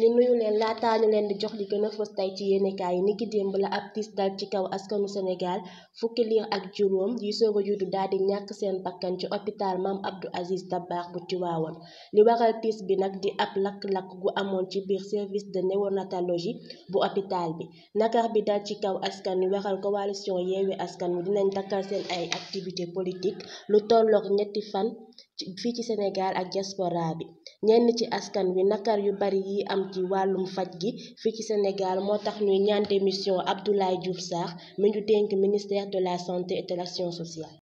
li nuyu leen laataa ñu leen di jox li gën a fës tey ci yéenekaay yi niki démb la ab tiis dal ci kaw askanu Sénégal fukki liir ak juróom yu soog a juddu daal di ñàkk seen bakkan ci hôpital Mame Abdou Aziz Dabakh bu Tivaouane li waral tiis bi nag di ab lakk-lakk gu amoon ci biir service de néonatologie bu hôpital bi nakar bi dal ci kaw askan wi waral coalition Yewwi Askan Wi dinañ dakkal seen ay activité politique lu tolloog ñetti fan Fiki ci Sénégal ak diaspora bi ñenn ci askan wi nakar yu bari yi am ci walum faj gi fi ci Sénégal moo ñuy ñaan démission Abdoulaye Diouf ministre ministère de la santé et de l'action sociale